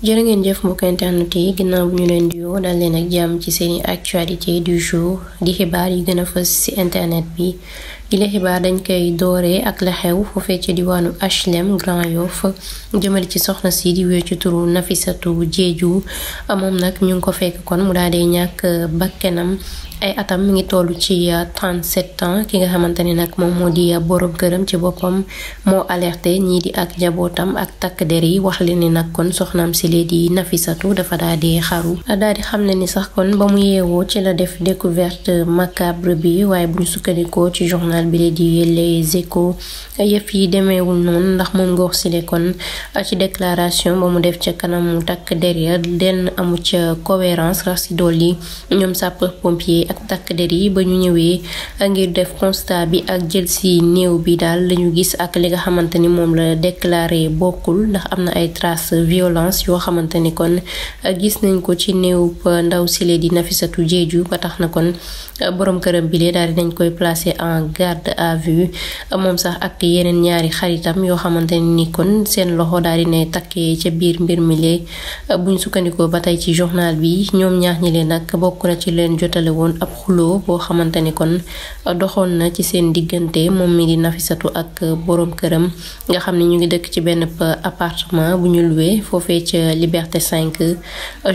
jërë ngeen jëf mbokk internet yi ginnaaw bu ñu leen di yoo dal leen ak jàmm ci seeni actualité du jour di xibaar yi gën a fës ci internet bi yile xibaar dañ koy dooree ak la xew foofee ca diwaanu HLM Grand Yoff jëmale ci soxna si di wéy ci turu Nafisatu Jeeju moom nag ñu ngi ko fekk kon mu daal dee ñàkk bakkenam ay atam mu ngi toll ci 37 ans ki nga xamante ne nag moom moo di borom këram ci boppam moo alerte ñii di ak njabootam ak takk der yi wax leen ni nag kon soxnaam si lee di Nafisatu dafa daal dee xaru daal di xam ne ni sax kon ba mu yeewoo ci la def découverte macabre bi waaye bu ñu sukkandikoo journal bi la di les échos yëf yi demeewul noonu ndax moom Ngor Sile kon ci déclaration ba mu def ca kanamu takk derrière denn amu ca cohérence rax si dool yi ñoom sapeur pompier ak takk der yi ba ñu ñëwee ngir def constat bi ak jël si néew bi daal lañu gis ak li nga xamante ni moom la déclaré bokkul ndax am na ay traces violence yoo xamante ni kon gis nañ ko ci néew ndaw sile di Nafisatu Jeeju ba tax na kon borom këram bile daal di koy placer en garde garde à vue moom sax ak yeneen ñaari xaritam yoo xamante ni kon seen loxo daal di ne takkee ca biir mbir mi léegi buñ sukkandikoo ba tey ci journal bi ñoom ñaax ñi leen nag bokk na ci leen jotale woon ab xuloo boo xamante ni kon doxoon na ci seen diggante moom mi di nafisatu ak boroom këram nga xam ne ñu ngi dëkk ci benn appartement bu ñu luwee foofee ca Liberté cinq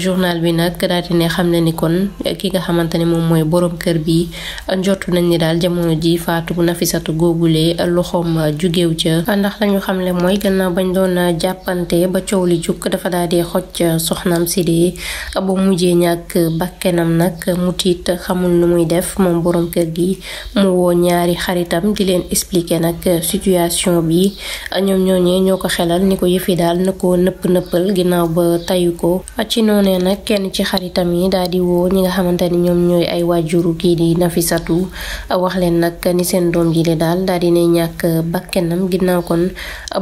journal bi nag daal di xam ne ni kon ki nga xamante ne moom mooy boroom kër bi njortu nañ ni daal jamono ji faatu faatu nafisatu googulee loxoom euh, jugeew ca ndax lañu xamle mooy gannaaw bañ doon euh, jàppante ba coow li jukk dafa daal di xoj euh, soxnaam si dee ba mujjee ñàkk bakkenam nag mu tiit xamul nu muy def moom boroom kër gi mu woo ñaari xaritam di leen expliquer nag situation bi ñoom ñooñee ñoo ko xelal ni ko yëfi daal na ko nëpp nëppal ginnaaw ba tayu ko ci noonee nag kenn ci xaritam yi daal di woo ñi nga xamante ni ñoom ñooy ay waajuru kii di nafisatu seen doom ji li daal daal dinay ñàkk bakkenam ginnaaw kon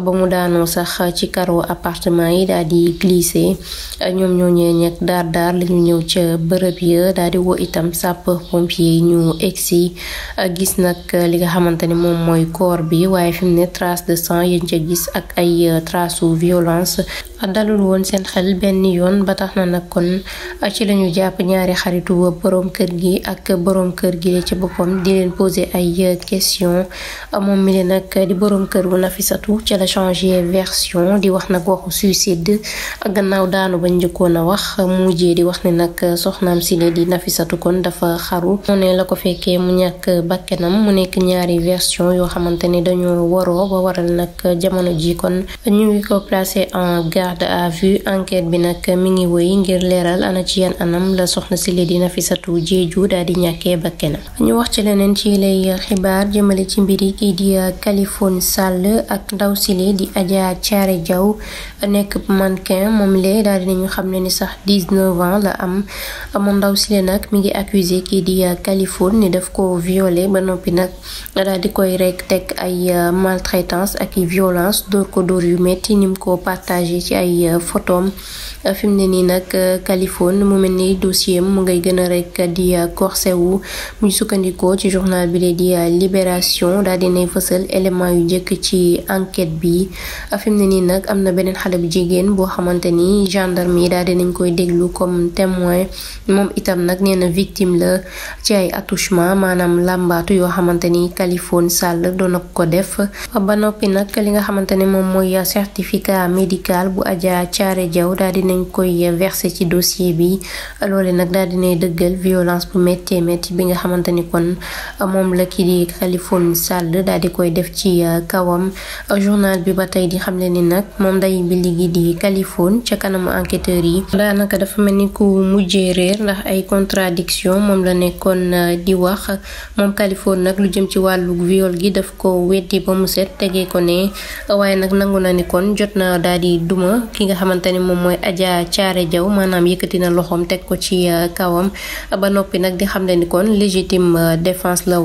ba mu daanoo sax ci karo appartement yi daal di glissé ñoom ñoo ñee nekk daar daar la ñëw ca bërëb ya daal di woo itam sapeur pompier yi ñu egsi gis nag li nga xamante ne moom mooy corps bi waaye fi mu ne trace de sang yañ ca gis ak ay euh, trace su violence dalul woon seen xel benn yoon ba tax na nag kon ci lañu jàpp ñaari xaritu boroom kër gi ak boroom kër gi la ci boppam di leen poser ay euh, de question moom mi ne nag di borom kër gu Nafissatou ci la changé version di wax nag waxu suicide gannaaw daanu ba njëkkoon a wax mu mujjee di wax ne nag soxnaam si di nafisatu kon dafa xaru mu la ko fekkee mu ñàkk bakkanam mu nekk ñaari version yoo xamante ne dañoo waroo ba waral nag jamono ji kon ñu ngi en garde à vue enquête bi nag mi ngi wéy ngir leeral ana ci yan anam la soxna si le di Nafissatou Diédhiou daal di ñàkkee bakkanam ñu wax ci leneen ci lay xibaar jëmale ci mbiri kii di euh, Kaliphone Sall ak ndaw sile di Adja Thiaré Diaw nekk mannequin moom lee daal dinañu xam ne ni sax 19 la am moom ndaw sile nag mi ngi accusé kii di euh, Kaliphone ni daf ko violé ba noppi nag daal di koy rek tek ay euh, maltraitance ak i violence dóor ko dóor yu metti ni mu ko partagé ci ay photom fi mu ne nii nag Kaliphone mu mel ni dossier mu ngay gën a rek di corsé muy sukkandikoo ci journal bi lee di libération daal dinay fësal élément yu jëkk ci enquête bi fi mu ne nii nag am na beneen xale bu jigéen boo xamante ni gendarme yi daal dinañ koy déglu comme témoin moom itam nag nee na victime la ci attouchement maanaam làmbaatu yoo xamante ni Kaliphone Sall doon na ko def ba noppi nag li nga xamante ne moom mooy certificat médical bu Adja Thiaré Diaw daal dinañ koy versé ci dossier bi loole nag daal dinay dëggal violence bu méttee métti bi nga xamante ni kon it Khalifa Sall daal di koy def ci euh, kawam journal bi ba tey di xamle ni nag moom day bi ligi di Khalifa ca kanamu enquêteurs yi naka dafa mel ni ku mujjee réer ndax ay contradiction moom la nekkoon euh, di wax moom Khalifa nag lu jëm ci wàllu viol gi daf ko weddi ba mu set tegee ko ne waaye nag nangu na ni kon jot na daal di duma ki nga xamante ni moom mooy Adja Thiaré jaw maanaam yëkkati na loxoom teg ko ci euh, kawam ba noppi nag di xamle ni kon légitime défense la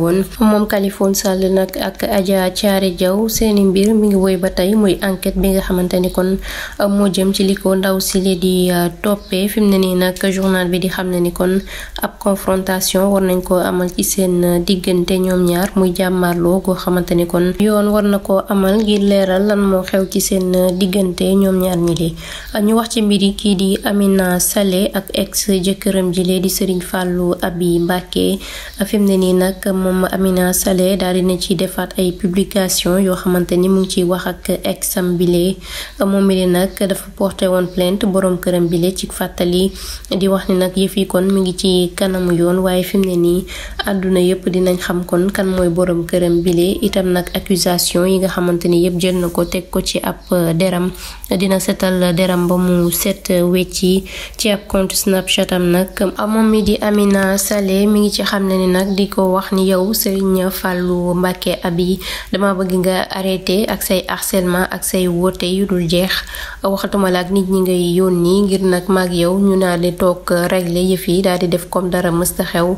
Kaliphone Sall nag ak Adja Thiaré Diaw seeni mbir mi ngi woy ba tey muy enquête bi nga xamante ni kon euh, moo jëm ci li ko ndaw si lee di euh, toppee fi mu ne nii nag journal bi di xam ne ni kon ab confrontation war nañ ko amal ci seen diggante ñoom ñaar muy jàmmarloo goo xamante ni kon yoon war na koo amal ngir leeral lan moo xew ci seen diggante ñoom ñaar ñi kii di Amina Sale ak ex jëkkëram ji lee di nag moom Amina Saleh daal dina ci defaat ay publication yoo xamante ni mu ngi ciy wax ak exam bile moom mi nag dafa porté woon plainte boroom këram bile ci fàttali di wax ni nag yëf yi kon mi ngi ci kanamu yoon waaye fi mu ne nii àdduna yëpp dinañ xam kon kan mooy boroom këram bile itam nag accusation yi nga xamante ni yëpp jël na ko teg ko ci ab deram dina setal deram ba mu set wecci ci ab compte Snapchat am nag moom mi di Amina Saleh mi ngi ci xam ne ni nag di ko wax ni yow Serigne na Fallou Mbacké Abi dama bëgg nga arrêté ak say harcèlement ak say woote yu dul jeex waxatuma la ak nit ñi ngay yónni ngir nag maag yow ñu naa de toog régler yëf yi daal di def comme dara mësta xew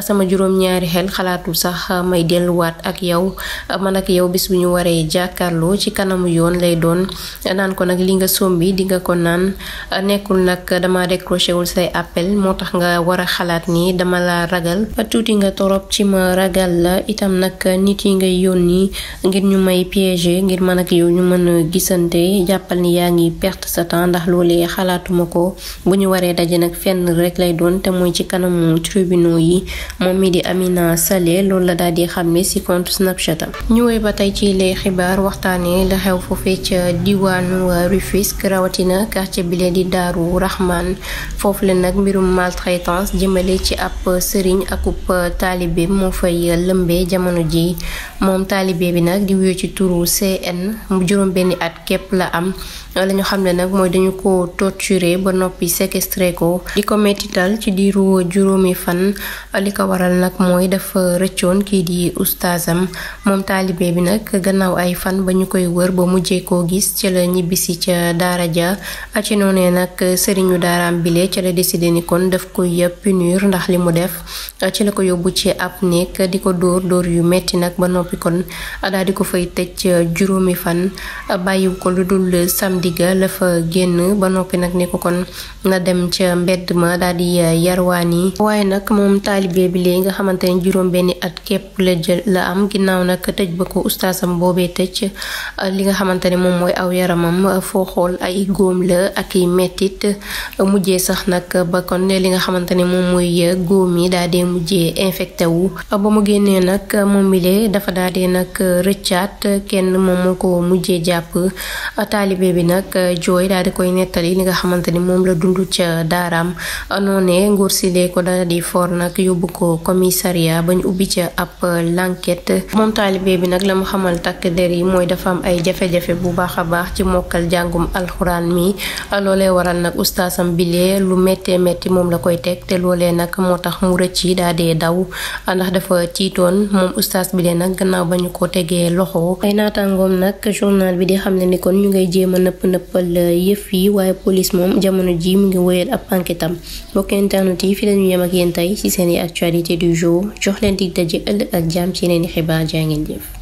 sama juróom-ñaari xel xalaatul sax may delluwaat ak yow man ak yow bis bu ñu waree jàkkaarloo ci kanamu yoon lay doon naan ko nag li nga sombi di nga ko naan nekkul nag dama décroché wul say appel moo tax nga war a xalaat nii dama la ragal tuuti nga torop itam nag nit yi ngay yónni ngir ñu may piéger ngir mën ak yow ñu mën a gisante jàppal ni yaa ngi perte sa temps ndax loolee xalaatuma ko bu ñu waree daje nag fenn rek lay doon te mooy ci kanamu tribunaux yi moom mi di Amina Sale lool la daal di xàmme si compte Snapchat am. ñu woy ba tey ci les xibaar waxtaanee la xew foofee ca diwaanu Rufisque rawatina quartier bi leen di Daaru Rahman foofu la nag mbirum maltraitance jëmale ci ab sëriñ akub taalibe moo fay lëmbe Kébé jamono ji moom taalibe bi nag di wuyu ci turu CN mu juróom benni at képp la am la ñu xam ne nag mooy dañu ko torturé ba noppi séquestré ko di ko mettital ci diiru juróomi fan li ko waral nag mooy dafa rëccoon kii di ustaasam moom taalibe bi nag gannaaw ay fan ba ñu koy wër ba mujjee koo gis ca la ñibbisi ca daara ja ci noonee nag sëriñu daaraam bile ca la décidé ni kon daf koy punir ndax li mu def ci la ko yóbbu ci ab néeg di ko dóor dóor dóor yu metti nag ba noppi kon daal di ko fay tëj euh, juróomi fan euh, bàyyiwu ko lu dul euh, samedi ga la fa génn ba noppi nag ne ko kon nga dem ca mbedd ma daal di yarwaan yi waaye nag moom taalibe bi léegi nga xamante ne juróom at képp la jël am ginnaaw nag tëj ba ko ustaasam boobee tëj li nga xamante ne moom mooy aw yaramam foo xool ay góom la ak i mettit mujjee sax nag ba kon li nga xamante ne moom mooy góom yi daal di mujjee infecté wu ba mu génnee nag moom bile dafa daal di nag rëccaat kenn moom moo ko mujjee jàpp taalibe bi nag jooy daal koy nettali li nga xamante ni moom la dund ca daaraam noonee nguur si ko daal di for nag yóbbu ko commissariat bañ ubbi ca ab l'enquête moom taalibe bi nag la mu xamal takk der yi mooy dafa am ay jafe-jafe bu baax a baax ci mokkal jàngum alxuraan mi loolee waral nag ustaasam bilee lu méttee métti moom la koy teg te loolee nag moo tax mu rëcc daal di daw ndax dafa tiitoon moom oustaz bi lee nag gannaaw ba ñu ko tegee loxo ay naataangoom nag journal bi di xam ne ni kon ñu ngay jéem a nëpp nëppal euh, yëf yi waaye polis moom jamono ji mu ngi wéyal ab enquête am mbokk internet yi fi la ñu yem ak yéen tey ci seen i actualité du jour jox leen di daje ëllëg ak jàmm ci yeneen i xibaar jaa ngeen jëf